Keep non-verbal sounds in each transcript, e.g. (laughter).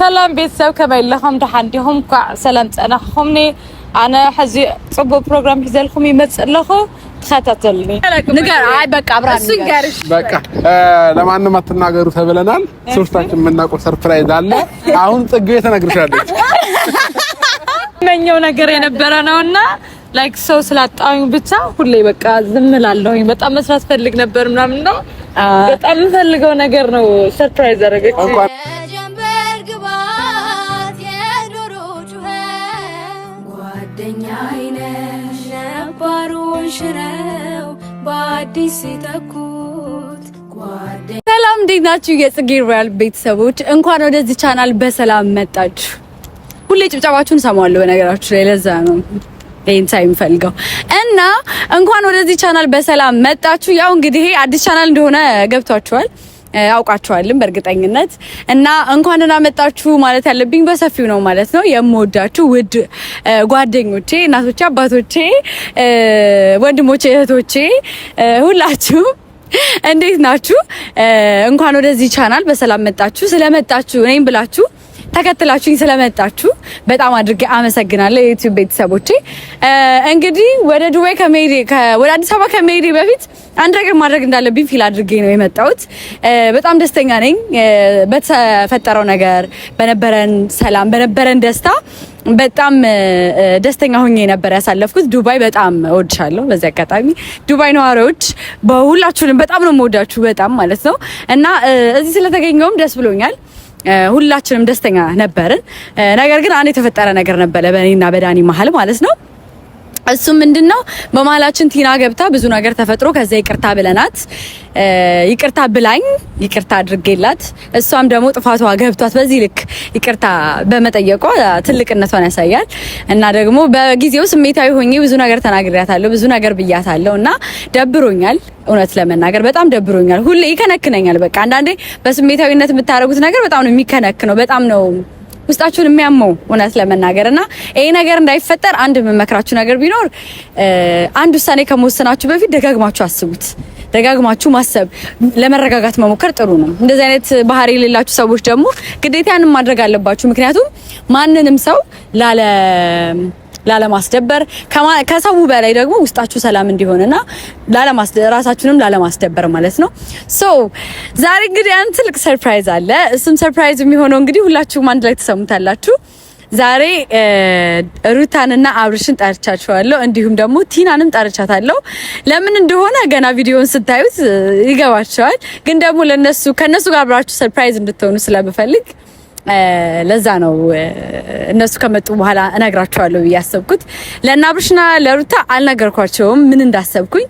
ሰላም ቤተሰብ ከመይ ኣለኹም ድሓን ዲኹም ኳዕ ሰላም ፀናኹምኒ ኣነ ሕዚ ፅቡቅ ፕሮግራም ሒዘልኩም ይመፅእ ኣለኹ ተኸታተልኒ በቃ ለማንም አትናገሩ ተብለናል። ሶስታችን የምናውቀው ሰርፕራይዝ አለ። አሁን ፅጌ ተነግርሻለች። መኘው ነገር የነበረ ነውና ላይክ ሰው ስላጣሁኝ ብቻ ሁሌ በቃ ዝም እላለሁኝ። በጣም መስራት ፈልግ ነበር ምናምን ነው። በጣም የምፈልገው ነገር ነው። ሰርፕራይዝ አደረገች። ጓደኛዬ ነሽ ነባሩን ሽረው በአዲስ የተኩት ጓደ ሰላም፣ እንዴት ናችሁ? የጽጌ ሮያል ቤተሰቦች እንኳን ወደዚህ ቻናል በሰላም መጣችሁ። ሁሌ ጭብጨባችሁን እሰማዋለሁ። በነገራችሁ ላይ ለዛ ነው ይሄን ሳይም እና እንኳን ወደዚህ ቻናል በሰላም መጣችሁ። ያው እንግዲህ አዲስ ቻናል እንደሆነ ገብቷችኋል። አውቃቸዋልን በእርግጠኝነት እና እንኳን ና መጣችሁ ማለት ያለብኝ በሰፊው ነው ማለት ነው። የምወዳችሁ ውድ ጓደኞቼ፣ እናቶቼ፣ አባቶቼ፣ ወንድሞቼ፣ እህቶቼ ሁላችሁ እንዴት ናችሁ? እንኳን ወደዚህ ቻናል በሰላም መጣችሁ። ስለመጣችሁ እኔም ብላችሁ ተከትላችሁኝ ስለመጣችሁ በጣም አድርጌ አመሰግናለሁ የዩቲዩብ ቤተሰቦቼ። እንግዲህ ወደ ዱባይ ከመሄዴ ወደ አዲስ አበባ ከመሄዴ በፊት አንድ ነገር ማድረግ እንዳለብኝ ፊል አድርጌ ነው የመጣሁት። በጣም ደስተኛ ነኝ በተፈጠረው ነገር፣ በነበረን ሰላም፣ በነበረን ደስታ በጣም ደስተኛ ሆኜ ነበር ያሳለፍኩት። ዱባይ በጣም እወድሻለሁ። በዚህ አጋጣሚ ዱባይ ነዋሪዎች በሁላችሁንም በጣም ነው የምወዳችሁ፣ በጣም ማለት ነው እና እዚህ ስለተገኘውም ደስ ብሎኛል። ሁላችንም ደስተኛ ነበርን። ነገር ግን አንድ የተፈጠረ ነገር ነበረ በእኔና በዳኒ መሀል ማለት ነው። እሱ ምንድነው በመሀላችን ቲና ገብታ ብዙ ነገር ተፈጥሮ ከዛ ይቅርታ ብለናት ይቅርታ ብላኝ ይቅርታ አድርጌላት እሷም ደግሞ ጥፋቷ ገብቷት በዚህ ልክ ይቅርታ በመጠየቋ ትልቅነቷን ያሳያል። እና ደግሞ በጊዜው ስሜታዊ ሆኜ ብዙ ነገር ተናግሬያታለሁ፣ ብዙ ነገር ብያታለሁ እና ደብሮኛል። እውነት ለመናገር በጣም ደብሮኛል። ሁሌ ይከነክነኛል። በቃ አንዳንዴ በስሜታዊነት የምታደርጉት ነገር በጣም ነው የሚከነክነው። በጣም ነው ውስጣችሁን የሚያመው እውነት ለመናገር እና ይሄ ነገር እንዳይፈጠር አንድ የምመክራችሁ ነገር ቢኖር አንድ ውሳኔ ከመወሰናችሁ በፊት ደጋግማችሁ አስቡት። ደጋግማችሁ ማሰብ ለመረጋጋት መሞከር ጥሩ ነው። እንደዚህ አይነት ባህሪ የሌላችሁ ሰዎች ደግሞ ግዴታ ያንን ማድረግ አለባችሁ። ምክንያቱም ማንንም ሰው ላለ ላለማስደበር ከሰው በላይ ደግሞ ውስጣችሁ ሰላም እንዲሆንና ራሳችሁንም ላለማስደበር ማለት ነው። ሶ ዛሬ እንግዲህ አንድ ትልቅ ሰርፕራይዝ አለ። እሱም ሰርፕራይዝ የሚሆነው እንግዲህ ሁላችሁም አንድ ላይ ተሰሙታላችሁ። ዛሬ ሩታንና አብርሽን ጠርቻቸዋለሁ። እንዲሁም ደግሞ ቲናንም ጠርቻታለሁ። ለምን እንደሆነ ገና ቪዲዮን ስታዩት ይገባቸዋል። ግን ደግሞ ለነሱ ከነሱ ጋር አብራችሁ ሰርፕራይዝ እንድትሆኑ ስለምፈልግ ለዛ ነው እነሱ ከመጡ በኋላ እነግራቸዋለሁ ብዬ ያሰብኩት። ለአብርሽና ለሩታ አልነገርኳቸውም ምን እንዳሰብኩኝ።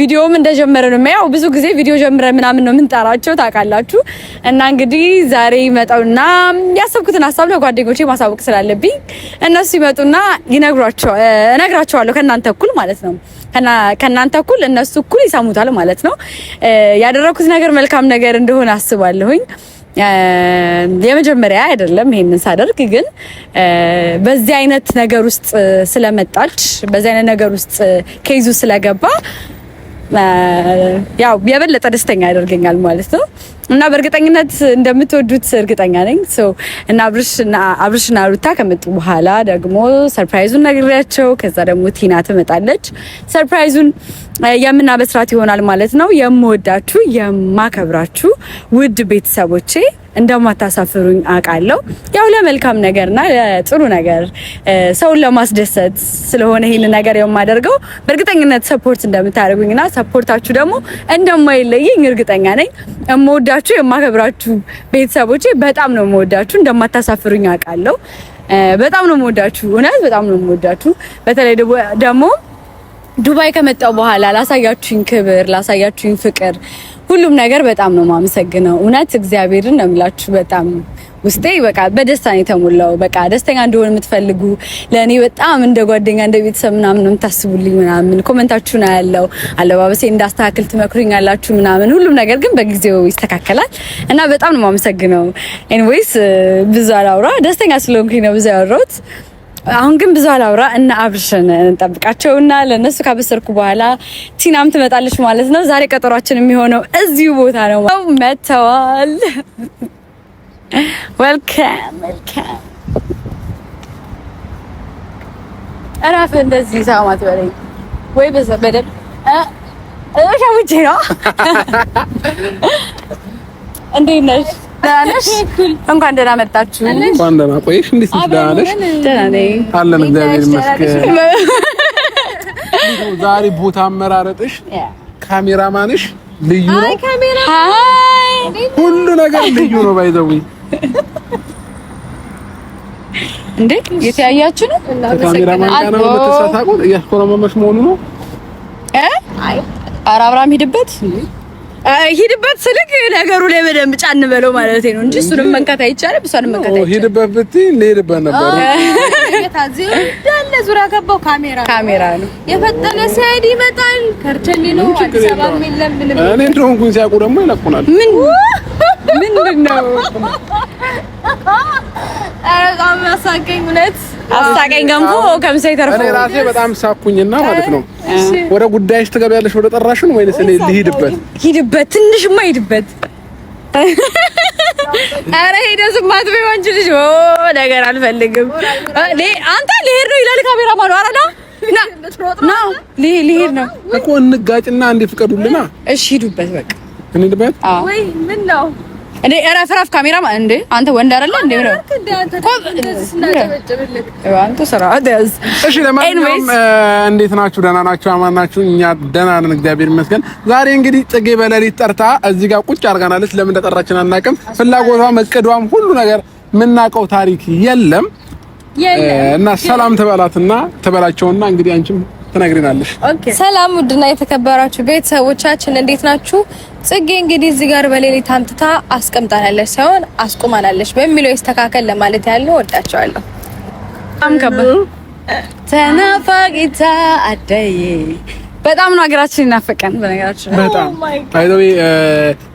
ቪዲዮም እንደጀመረ ነው የሚያው። ብዙ ጊዜ ቪዲዮ ጀምረ ምናምን ነው የምንጠራቸው ታውቃላችሁ። እና እንግዲህ ዛሬ ይመጣውና ያሰብኩትን ሀሳብ ለጓደኞቼ ማሳወቅ ስላለብኝ እነሱ ይመጡና ይነግሯቸው እነግራቸዋለሁ ከእናንተ እኩል ማለት ነው ከእናንተ እኩል እነሱ እኩል ይሰሙታል ማለት ነው። ያደረኩት ነገር መልካም ነገር እንደሆነ አስባለሁኝ። የመጀመሪያ አይደለም ይሄንን ሳደርግ፣ ግን በዚህ አይነት ነገር ውስጥ ስለመጣች በዚህ አይነት ነገር ውስጥ ከይዙ ስለገባ ያው የበለጠ ደስተኛ ያደርገኛል ማለት ነው። እና በእርግጠኝነት እንደምትወዱት እርግጠኛ ነኝ። እና አብርሽና ሩታ ከመጡ በኋላ ደግሞ ሰርፕራይዙን ነግሬያቸው፣ ከዛ ደግሞ ቲና ትመጣለች። ሰርፕራይዙን የምናበስራት ይሆናል ማለት ነው። የምወዳችሁ የማከብራችሁ ውድ ቤተሰቦቼ እንደማታሳፍሩኝ አውቃለሁ። ያው ለመልካም ነገርና ለጥሩ ነገር ሰውን ለማስደሰት ስለሆነ ይህን ነገር የማደርገው በእርግጠኝነት ሰፖርት እንደምታደርጉኝና ሰፖርታችሁ ደግሞ እንደማይለየኝ እርግጠኛ ነኝ። የምወዳችሁ የማከብራችሁ ቤተሰቦቼ በጣም ነው የምወዳችሁ። እንደማታሳፍሩኝ አውቃለሁ። በጣም ነው የምወዳችሁ። እውነት በጣም ነው የምወዳችሁ። በተለይ ደግሞ ዱባይ ከመጣው በኋላ ላሳያችሁኝ ክብር ላሳያችሁኝ ፍቅር ሁሉም ነገር በጣም ነው የማመሰግነው። እውነት እግዚአብሔርን ነው የምላችሁ። በጣም ውስጤ በቃ በደስታ ነው የተሞላው። በቃ ደስተኛ እንደሆነ የምትፈልጉ ለእኔ በጣም እንደ ጓደኛ እንደ ቤተሰብ ምናምን የምታስቡልኝ ምናምን ኮመንታችሁ ነው ያለው። አለባበሴ እንዳስተካክል ትመክሩኝ ያላችሁ ምናምን ሁሉም ነገር ግን በጊዜው ይስተካከላል እና በጣም ነው የማመሰግነው። ኤኒዌይስ ብዙ አላውራ፣ ደስተኛ ስለሆንኩኝ ነው ብዙ ያወራሁት። አሁን ግን ብዙ አላውራ እና አብርሽን እና ለእነሱ ካበሰርኩ በኋላ ቲናም ትመጣለች ማለት ነው። ዛሬ ቀጠሯችን የሚሆነው እዚሁ ቦታ ነው። መተዋል። ወልካም ወልካም። እራፍ እንደዚህ ሳማት በለኝ ወይ በዛ በደል ሸውቼ ነው። (laughs) እንዴት ነሽ? ደህና ነሽ? እንኳን ደህና መጣችሁ። እንኳን ደህና ቆየሽ። እንዴት ነሽ? ደህና ነሽ? ደህና ነኝ አለን። እግዚአብሔር ይመስገን። ዛሬ ቦታ አመራረጥሽ፣ ካሜራማንሽ ልዩ ነው። ሁሉ ነገር ልዩ ነው። ባይዘዊ እንዴ የተያያችሁ ነው? ካሜራማን ጋር ነው ተሳታቁ። እያስኮረመመሽ መሆኑ ነው። አይ ኧረ ሂድበት ሂድበት ስልክ ነገሩ ላይ በደንብ ጫን በለው ማለት ነው እንጂ እሱንም መንካት አይቻልም፣ እሷንም መንካት አይቻልም። ሂድበት ብትይ ልሄድበት ነበር። እንዳለ ዙሪያ ገባው ካሜራ ካሜራ ነው የፈጠነ ሲያድ ይመጣል። ከርቸሊ ነው አዲስ አበባ የሚለምልም እኔ እንደሆንኩኝ ሲያውቁ ደግሞ ይለቁናል። ምን ምንድን ነው አሳቀኝ፣ እውነት አሳቀኝ። ገንፎ ከምሳ ይተርፋል። እኔ ራሴ በጣም ሳኩኝና ማለት ነው ወደ ጉዳይሽ ትገቢያለሽ? ወደ ጠራሽን ወይስ እኔ ልሂድበት? ሂድበት፣ ትንሽማ ሂድበት። አረ ሄደ ዝማት ቢሆን አንቺ ልጅ። ኦ ነገር አልፈልግም። ለይ አንተ ልሄድ ነው ይላል ካሜራማኑ። አረ ና ና፣ ልሄድ ነው እኮ እንጋጭና እንዴ፣ ፍቀዱልና። እሺ ሂዱበት፣ በቃ እንሂድበት። አዎ ወይ ምን ነው እንዴ ረፍረፍ ካሜራ እንዴ አንተ ወንድ አይደለ እንዴ ነው አንተ ስራ አደስ እሺ ለማንኛውም እንዴት ናችሁ ደህና ናችሁ አማን ናችሁ እኛ ደህና ነን እግዚአብሔር ይመስገን ዛሬ እንግዲህ ጽጌ በሌሊት ጠርታ እዚህ ጋር ቁጭ አድርጋናለች ለምን እንደጠራችን አናውቅም ፍላጎቷም እቅዷም ሁሉ ነገር የምናውቀው ታሪክ የለም እና ሰላም ትበላትና ትበላቸውና እንግዲህ አንቺም ተናግረናለሽ። ሰላም ውድና የተከበራችሁ ቤተሰቦቻችን እንዴት ናችሁ? ጽጌ እንግዲህ እዚህ ጋር በሌሊት አምጥታ አስቀምጣናለች ሳይሆን አስቁማናለች በሚለው ይስተካከል ለማለት ያለው ወዳቸዋለሁ። ተናፋቂታ አደይ በጣም ነው ሀገራችን ይናፈቀን። በነገራችን በጣም አይዶይ oh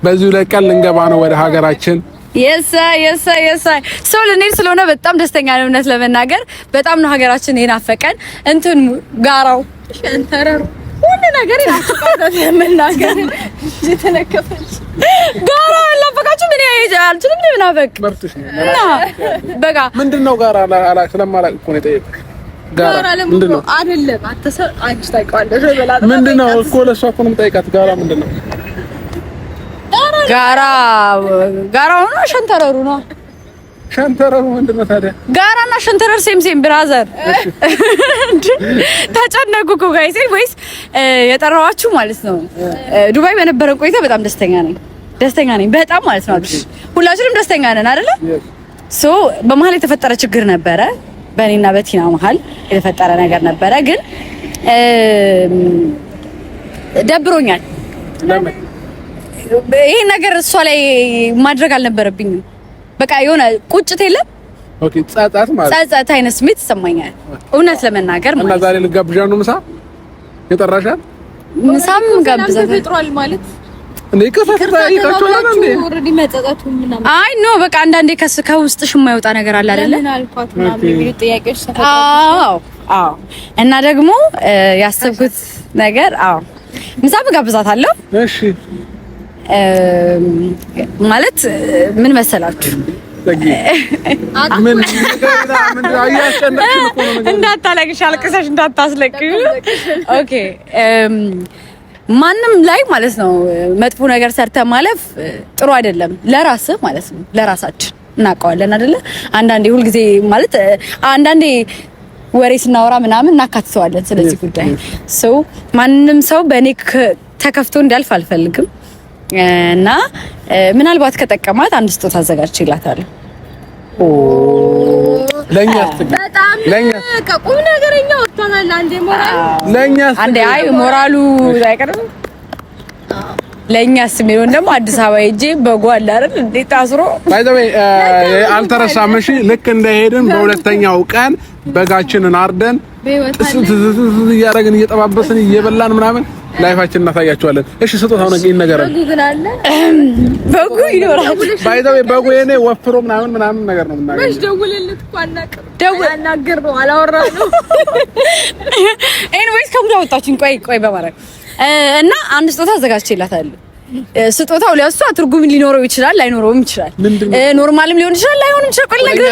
በዚሁ ለቀን ልንገባ ነው ወደ ሀገራችን የሳይ የሳይ የሳይ ሰው ለኔ ስለሆነ በጣም ደስተኛ ነው። እውነት ለመናገር በጣም ነው ሀገራችን የናፈቀን። እንትን ጋራው ሸንተረሩ ሁሉ ነገር የናፈቀን ለመናገር የተነከፈች ጋራ አላፈቃችሁም? እኔ አልችልም። ምን አፈቅ እና በቃ ምንድነው ጋራ አላ ስለማላቅ እኮ ነው የጠየኩት። ጋራ ምንድነው? አይደለም አተሰ አንቺ ታውቂዋለሽ። ምንድነው እኮ ለእሷ እኮ ነው የምጠይቃት። ጋራ ምንድነው? ጋራ ጋራው ነው ሸንተረሩ ነው? ሸንተረሩ ምንድን ነው ታዲያ? ጋራና ሸንተረር ሴም ሴም ብራዘር። ተጨነቁ እኮ ጋይሴ። ወይስ የጠራኋችሁ ማለት ነው። ዱባይ በነበረን ቆይታ በጣም ደስተኛ ነኝ፣ ደስተኛ ነኝ በጣም ማለት ነው። አብሽ ሁላችንም ደስተኛ ነን አይደለ? ሶ በመሀል የተፈጠረ ችግር ነበረ፣ በእኔና በቲና መሀል የተፈጠረ ነገር ነበረ፣ ግን ደብሮኛል ይሄን ነገር እሷ ላይ ማድረግ አልነበረብኝም። በቃ የሆነ ቁጭት የለም ኦኬ፣ ጻጻት ማለት ጻጻት አይነት ስሜት ይሰማኛል እውነት ለመናገር ማለት እና ዛሬ ልጋብዣ ነው ምሳ የጠራሻል ምሳም ጋብዛት ተፈጥሯል ማለት እንዴ ከፈታ ይጣቻለና እንዴ ኦሬዲ መጻጻቱ ምናምን አይ ኖ በቃ አንዳንዴ ከውስጥሽ የማይወጣ ነገር አለ አይደለ ለምን አልኳት ምናምን አዎ አዎ። እና ደግሞ ያሰብኩት ነገር አዎ ምሳም ጋብዛታለሁ። እሺ ማለት ምን መሰላችሁ እንዳታለቅሽ አልቅሰሽ እንዳታስለቅሽ። ኦኬ ማንም ላይ ማለት ነው መጥፎ ነገር ሰርተ ማለፍ ጥሩ አይደለም፣ ለራስ ማለት ነው። ለራሳችን እናውቀዋለን አይደለ? አንዳንዴ ሁልጊዜ ማለት አንዳንዴ ወሬ ስናወራ ምናምን እናካትተዋለን ስለዚህ ጉዳይ ሰው ማንም ሰው በእኔ ተከፍቶ እንዲያልፍ አልፈልግም። እና ምናልባት ከጠቀማት አንድ ስጦታ አዘጋጅቼላታለሁ። ለኛ ለኛ ነገረኛ ወጥቷታል። አንዴ ሞራሉ ለኛ አንዴ አይ ሞራሉ አይቀርም። ደግሞ አዲስ አበባ ሄጄ በጎ አለ አይደል እንዴ ታስሮ አልተረሳም። እሺ ልክ እንደሄድን በሁለተኛው ቀን በጋችንን አርደን ጥስ እያደረግን እየጠባበስን እየበላን ምናምን ላይፋችን እናሳያቸዋለን። እሺ ስጦታው ነው ነገር በጉ ግን አለ በጉ ይኖራል። ባይዛው በጉ የኔ ወፍሮ ምናምን ምናምን ነገር ነው ምናምን መች ደውልልት እኮ አናውቅም። ደውል አናገር ነው አላወራ ነው ኤንዌይስ፣ ከሙዳ ወጣችን። ቆይ ቆይ በማድረግ እና አንድ ስጦታ አዘጋጅቼላታለሁ ስጦታው ለሷ ትርጉም ሊኖረው ይችላል ላይኖረውም ይችላል። ኖርማልም ሊሆን ይችላል ላይሆንም ይችላል። ቆይ ልነግርህ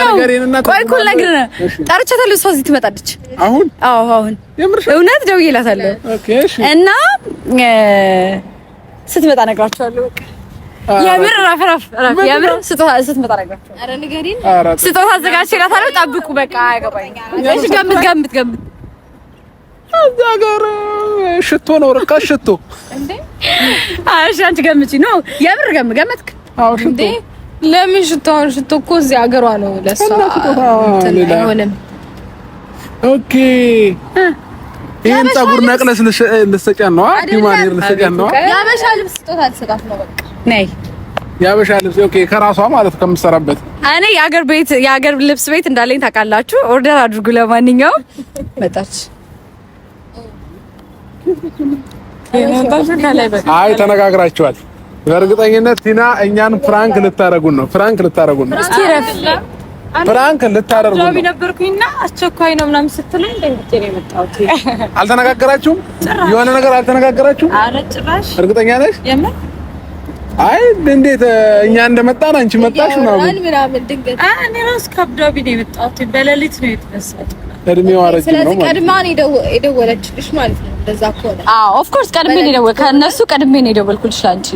ነው፣ ቆይ እኮ ልነግርህ ነው። ጠርቻታለሁ። እሷ እዚህ ትመጣለች አሁን። አዎ አሁን እውነት ደውዬላታለሁ እና ስትመጣ እነግራቸዋለሁ። በቃ የምር እራፍ እራፍ እራፍ የምር ስጦታ ስትመጣ እነግራቸዋለሁ። ስጦታ አዘጋጅቼላታለሁ። ጠብቁ። በቃ አያገባኝም። እሺ ገምት ገምት ገምት እዛ ሽቶ ነው ርካሽ ሽቶ አንቺ ገምቺ ነው የምር ገም ገመትክ? አዎ ሽቶ ለምን ሽቶ? አሁን ሽቶ እኮ እዚህ ነው ለሷ ኦኬ ይሄን ነው ነው? ያበሻ ልብስ ስጦታ ነው በቃ ልብስ ኦኬ፣ ከራሷ ማለት ከምትሰራበት እኔ የአገር ቤት የአገር ልብስ ቤት እንዳለኝ ታውቃላችሁ። ኦርደር አድርጉ። ለማንኛውም መጣች። አይ ተነጋግራችኋል። በእርግጠኝነት ቲና እኛን ፍራንክ ልታረጉን ነው። ፍራንክ ልታረጉን ነው። ፍራንክ ልታረጉን ነው። ነበርኩኝና አስቸኳይ ነው ምናምን ስትለኝ ደንግጬ ነው የመጣሁት። አልተነጋገራችሁም? የሆነ ነገር አልተነጋገራችሁም? ኧረ ጭራሽ። እርግጠኛ ነሽ? አይ እንዴት እኛ እንደመጣን አንቺ መጣሽ ምናምን ምናምን ድንገት አ እኔ ራስ ከብዶብኝ ነው የመጣሁት። በሌሊት ነው የተነሳሁት። እድሜዋ ረጅም ነው ማለት ነው። ስለዚህ ቀድማ ነው የደወለችልሽ ማለት ነው። አዎ ኦፍ ኮርስ ቀድሜ ነው የደወልኩት። ከእነሱ ቀድሜ ነው የደወልኩልሽ አንቺ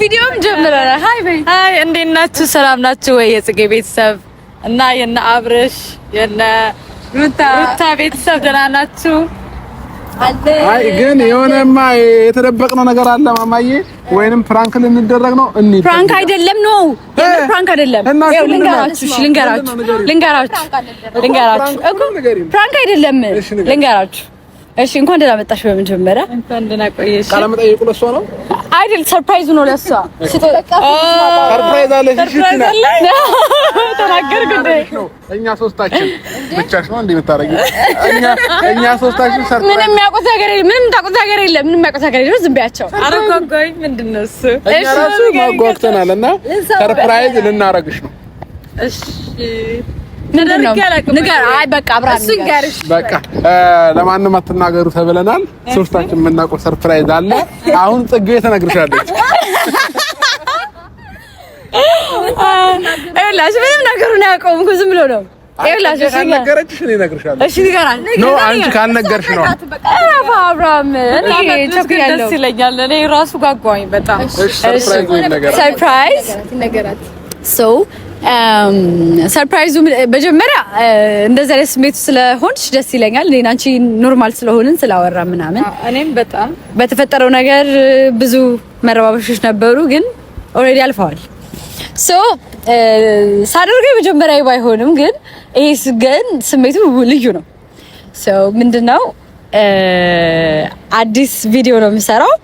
ቪዲዮም ጀምረናል። ሀይ በይ ሀይ፣ እንዴት ናችሁ? ሰላም ናችሁ ወይ? የጽጌ ቤተሰብ እና የነ አብርሽ የነ ሩታ ቤተሰብ ደህና ናችሁ? አይ ግን የሆነማ የተደበቅነው ነገር አለ ማማዬ ወይንም ፕራንክ ልንደረግ ነው። እንዴ ፕራንክ አይደለም ነው የምር ፕራንክ አይደለም። ልንገራችሁ፣ ልንገራችሁ፣ ልንገራችሁ፣ ልንገራችሁ እኮ ፕራንክ አይደለም። ልንገራችሁ እሺ እንኳን ደህና መጣሽ። በመጀመሪያ እንኳን ደህና ቆየሽ። ቃለ ለእሷ ነው አይደል? ሰርፕራይዙ ነው ለእሷ። ሰርፕራይዝ አለ። እኛ ሶስታችን ብቻሽ ነው እንዴ የምታረጊው? እኛ እኛ ሶስታችን ሰርፕራይዝ። ምንም የሚያውቁት ነገር የለም። ምንም ነገር የለም። ምንም የሚያውቁት ነገር የለም። ዝም ብያቸው። ኧረ ጓጓኝ። ምንድን ነው እሱ? እኛ ራሱ እና ሰርፕራይዝ ልናረግሽ ነው። እሺ ለማንም አትናገሩ ተብለናል። ሶስታችን የምናውቀው ሰርፕራይዝ አለ። አሁን ጽጌ ተነግርሻለች። ይኸውልሽ ምንም ነገሩን አያውቀውም እኮ ዝም ብሎ ነው። አንቺ ካልነገርሽ ነው። ደስ ይለኛል። እኔ ራሱ ጓጓኝ በጣም ሰርፕራይዝ ሰው ሰርፕራይዙ um, መጀመሪያ uh, እንደ አይነት ስሜቱ ስለሆንች ደስ ይለኛል። እኔና አንቺ ኖርማል ስለሆንን ስላወራ ምናምን እኔም በጣም በተፈጠረው ነገር ብዙ መረባበሾች ነበሩ፣ ግን ኦልሬዲ አልፈዋል። ሶ uh, መጀመሪያ ባይሆንም ግን ይሄ ግን ስሜቱ ልዩ ነው። ምንድነው uh, አዲስ ቪዲዮ ነው የምሰራው፣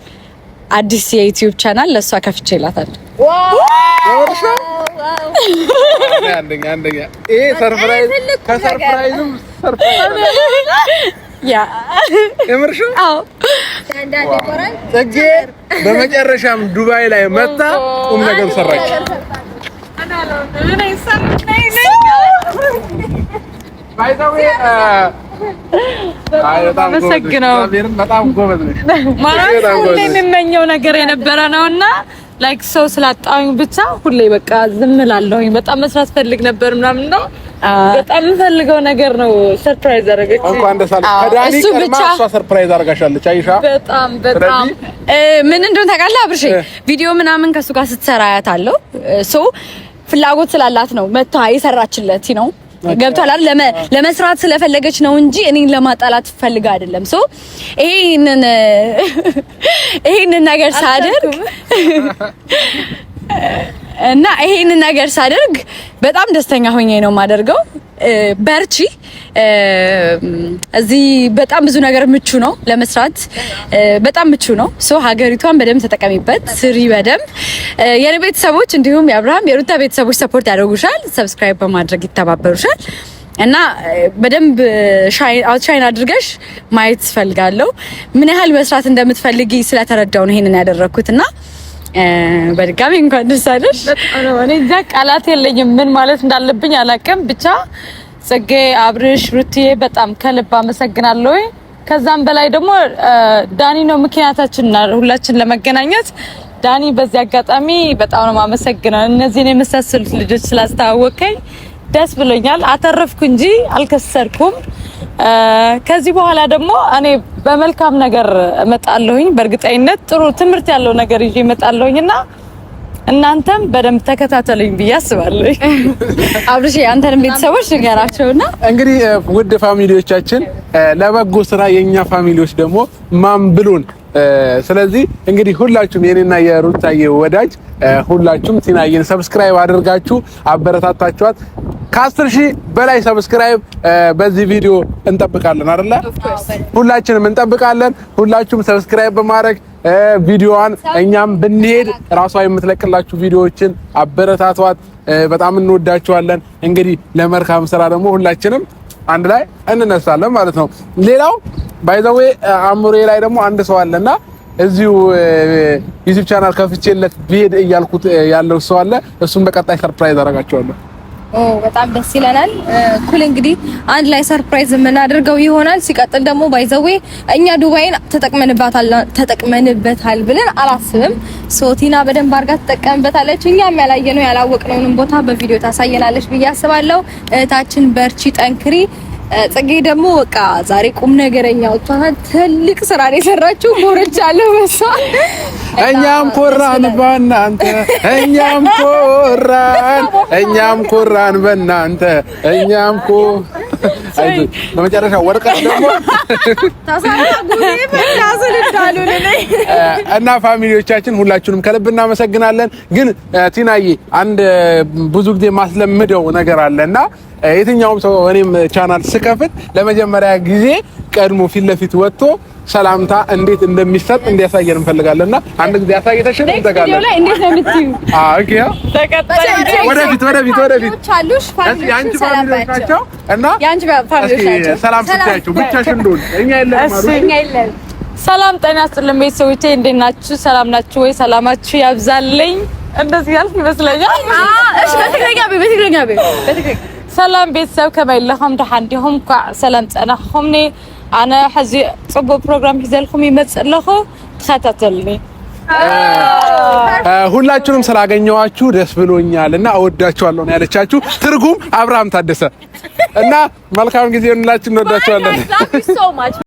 አዲስ የዩቲዩብ ቻናል ለእሷ ከፍቼ ይላታል አንደኛ አንደኛ ይሄ ሰርፕራይዝ ከሰርፕራይዝም ሰርፕራይዝ ያ እምርሹ አዎ ጽጌ በመጨረሻም ዱባይ ላይ መታ ቁም ነገር ሰራች። በጣም ጎበዝ ነሽ። ማለት የምመኘው ነገር የነበረ ነውና ላይክ ሰው ስላጣሁኝ ብቻ ሁሌ በቃ ዝም እላለሁኝ። በጣም መስራት ፈልግ ነበር ምናምን ነው በጣም የምፈልገው ነገር ነው። ሰርፕራይዝ አደረገች። እንኳን ደስ አለሽ። ከዳኒ ቀድማ እሷ ሰርፕራይዝ አደረጋሻለች። አይሻ በጣም በጣም ምን እንደሆነ ታውቃለህ? አብርሽ ቪዲዮ ምናምን ከሱ ጋር ስትሰራ ያታለው ሶ ፍላጎት ስላላት ነው መታ የሰራችለት ነው ገብቷል አይደል? ለመስራት ስለፈለገች ነው እንጂ እኔን ለማጣላት ፈልጋ አይደለም። ሶ ይሄንን (laughs) ይሄንን ነገር ሳደርግ (laughs) እና ይሄንን ነገር ሳደርግ በጣም ደስተኛ ሆኜ ነው የማደርገው። በርቺ። እዚህ በጣም ብዙ ነገር ምቹ ነው ለመስራት፣ በጣም ምቹ ነው። ሶ ሀገሪቷን በደንብ ተጠቀሚበት፣ ስሪ በደንብ። የኔ ቤተሰቦች እንዲሁም የአብርሃም የሩታ ቤተሰቦች ሰፖርት ያደርጉሻል፣ ሰብስክራይብ በማድረግ ይተባበሩሻል። እና በደንብ አውትሻይን አድርገሽ ማየት ትፈልጋለሁ። ምን ያህል መስራት እንደምትፈልጊ ስለተረዳው ነው ይሄንን ያደረኩት እና በድጋሚ እንኳን ደስ አለሽ። እኔ እዛ ቃላት የለኝም ምን ማለት እንዳለብኝ አላቅም። ብቻ ጽጌ፣ አብርሽ፣ ሩትዬ በጣም ከልብ አመሰግናለሁ። ከዛም በላይ ደግሞ ዳኒ ነው ምክንያታችን ሁላችን ለመገናኘት ዳኒ፣ በዚህ አጋጣሚ በጣም ነው የማመሰግነው እነዚህን የመሳሰሉት ልጆች ስላስተዋወቀኝ ደስ ብሎኛል። አተረፍኩ እንጂ አልከሰርኩም። ከዚህ በኋላ ደግሞ እኔ በመልካም ነገር እመጣለሁኝ። በእርግጠኝነት ጥሩ ትምህርት ያለው ነገር ይዤ እመጣለሁኝ እናንተም በደንብ ተከታተሉኝ ብዬ አስባለሁ። አብርሽ አንተንም ቤተሰቦች ንገራቸውና እንግዲህ ውድ ፋሚሊዎቻችን ለበጎ ስራ የኛ ፋሚሊዎች ደግሞ ብሉን። ስለዚህ እንግዲህ ሁላችሁም የኔና የሩታዬ ወዳጅ ሁላችሁም ቲናዬን ሰብስክራይብ አድርጋችሁ አበረታታችኋት። ከአስር ሺህ በላይ ሰብስክራይብ በዚህ ቪዲዮ እንጠብቃለን አይደለ? ሁላችንም እንጠብቃለን። ሁላችሁም ሰብስክራይብ በማድረግ ቪዲዮዋን እኛም ብንሄድ ራሷ የምትለቅላችሁ ቪዲዮዎችን አበረታቷት። በጣም እንወዳችኋለን። እንግዲህ ለመልካም ስራ ደግሞ ሁላችንም አንድ ላይ እንነሳለን ማለት ነው። ሌላው ባይዘዌ አእምሮዬ ላይ ደግሞ አንድ ሰው አለና እዚሁ ዩቲብ ቻናል ከፍቼለት ብሄድ እያልኩት ያለው ሰው አለ። እሱም በቀጣይ ሰርፕራይዝ አደርጋቸዋለሁ። ኦ በጣም ደስ ይለናል። ኩል እንግዲህ አንድ ላይ ሰርፕራይዝ የምናደርገው ይሆናል። ሲቀጥል ደግሞ ባይዘዌ እኛ ዱባይን ተጠቅመንባታል ተጠቅመንበታል ብለን አላስብም። ሶቲና በደንብ አርጋ ትጠቀምበታለች። እኛም ያላየነው ያላወቅነውንም ቦታ በቪዲዮ ታሳየናለች ብዬ አስባለሁ። እህታችን በርቺ፣ ጠንክሪ ጽጌ ደግሞ በቃ ዛሬ ቁም ነገረኛ ወጣት ትልቅ ስራ ነው የሰራችሁ። ኮርቻለሁ በሷ እኛም ኮራን በእናንተ እኛም ኮራን እኛም ኮራን በእናንተ እኛም ኮ በመጨረሻ ወርቀት ደግሞ እና ፋሚሊዎቻችን ሁላችሁንም ከልብ እናመሰግናለን። ግን ቲናዬ አንድ ብዙ ጊዜ ማስለምደው ነገር አለና የትኛውም ሰው እኔም ቻናል ስከፍት ለመጀመሪያ ጊዜ ቀድሞ ፊት ለፊት ወጥቶ ሰላምታ እንዴት እንደሚሰጥ እንዲያሳየን እንፈልጋለን እና አንድ ጊዜ አሳይተሽን እንጠጋለን። (laughs) ወደፊት ወደፊት ወደፊት የአንቺ እና ሰላም ስታያቸው እኛ ሰላም ጤና ይስጥልኝ ቤተሰቦቼ፣ እንዴት ናችሁ? ሰላም ናችሁ ወይ? ሰላማችሁ ያብዛልኝ። እንደዚህ ያልኩ ይመስለኛል። እሺ፣ በትግረኛ በትግረኛ በትግረኛ ሰላም ቤተሰብ ከመይ ኣለኹም ድሓን ዲኹም ኳዕ ሰላም ፀናኹምኒ ኣነ ሕዚ ፅቡቅ ፕሮግራም ሒዘልኩም ይመፅእ ኣለኹ ተኸታተልኒ ሁላችሁንም ስላገኘዋችሁ ደስ ብሎኛል እና እወዳችኋለሁ ነው ያለቻችሁ። ትርጉም አብርሃም ታደሰ እና መልካም ጊዜ እንላችሁ። እንወዳችኋለን።